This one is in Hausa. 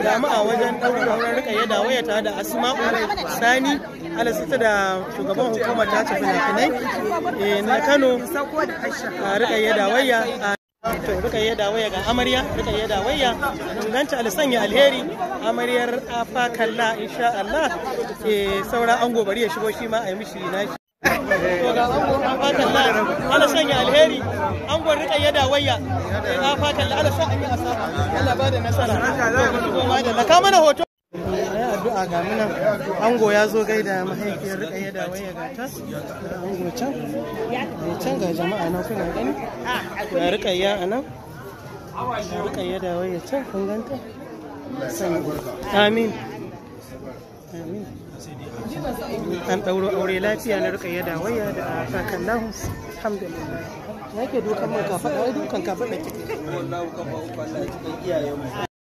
jama'a wajen ɗaurin horon rika yada waya tare da asma'u sani alasita da shugaban hukumar ta ce fina-finai eh, na kano a rika ya waya to rika yada waya ga amarya rika yada waya danganta alisanya alheri amaryar afa kalla insha Allah eh, saura ango bari ya shigo shi ma a yi mishi na shi. fatallah ala sanya alheri an gwarin rika yada waya ina fatallah ala sa an yi asara Allah ba da nasara da ka mana hoto addu'a ga muna ango ya zo gaida mahaifiyar rika ya da waya ga ta ango can ya can ga jama'a nan kuna gani ga rika ya a nan rika ya waya can kun ganta amin amin an ɗauro aure lafiya na rika yada waya da kakan lahu alhamdulillah ya ke dukan mai kafa ɗaya dukan kafa ɗaya ke